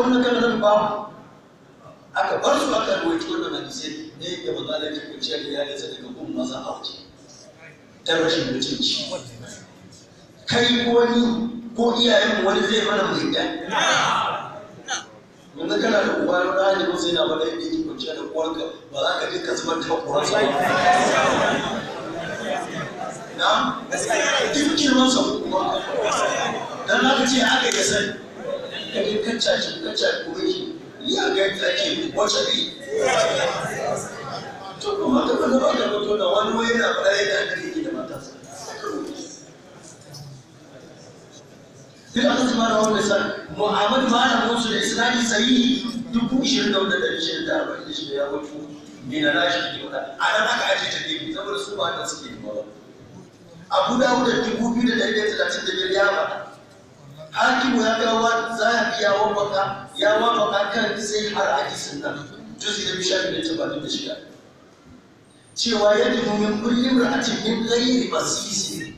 wannan kalmar ba aka bar su aka ruwaito wannan sai ne da maza da ke kwanciyar iyali ta daga gun maza a waje ta rashin mutunci kai ko wani ko iyayen wani zai mana mai yanzu kana da uba na rani ko sai na bada yadda yake kwanciya da uwarka ba za ka je ka zubar da uwar sa na duk girman kuma dan haka ce haka ya sani ka je ka caci ka ya ga tsaki wace bi. to kuma ka fada ba ka fito da wani wai yana fada yadda aka yi da matasa. duk aka zama da wani sa mu'amal malamin su da islami sahihi dubu ishirin da wanda ɗari shirin da arba'in da ya mutu mina na shi ke wata a nan aka ajiye ta gefe saboda su ba ta suke yi ba abu da da dubu biyu da ɗari da talatin da biyar ya faɗa hakimu ya kawo shafi ya wafaka ya wafaka kan sai har hadisin nan juzi da biyar da tabbata da shiga cewa yadda min kullum ra'atin min ghairi basisi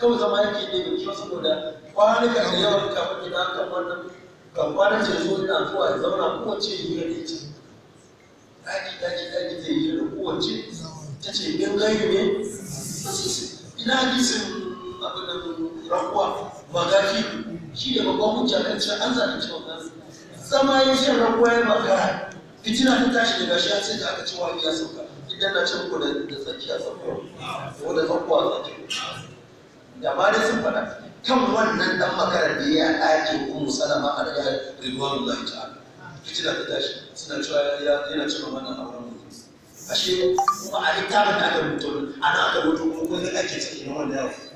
kawai zama yake ne da kyau saboda kwanuka da yawan kafin gida kan wannan kan kwanan ce zo ina zuwa ya zauna kowace yi da ita daji daji daji zai yi da kowace ta ce min ghairi ne basisi ina hadisin abin da rakuwa magaki shi da babban hujja kan cewa an zalunci wannan zama ya ce ran koyar magana fitina ta tashi da gashi ya ce da aka ce wani ya sauka idan na ce ko da tsaki ya sauka ko da zanko a zaki da ma dai sun faɗa kan wannan dan makarar da ya ko umu salama a daga ridwanullahi ta'ala fitina ta tashi suna cewa yana cewa wannan auren mu ashe kuma a littafin da aka rubuta ana aka rubuta kuma kun ga ake cikin wannan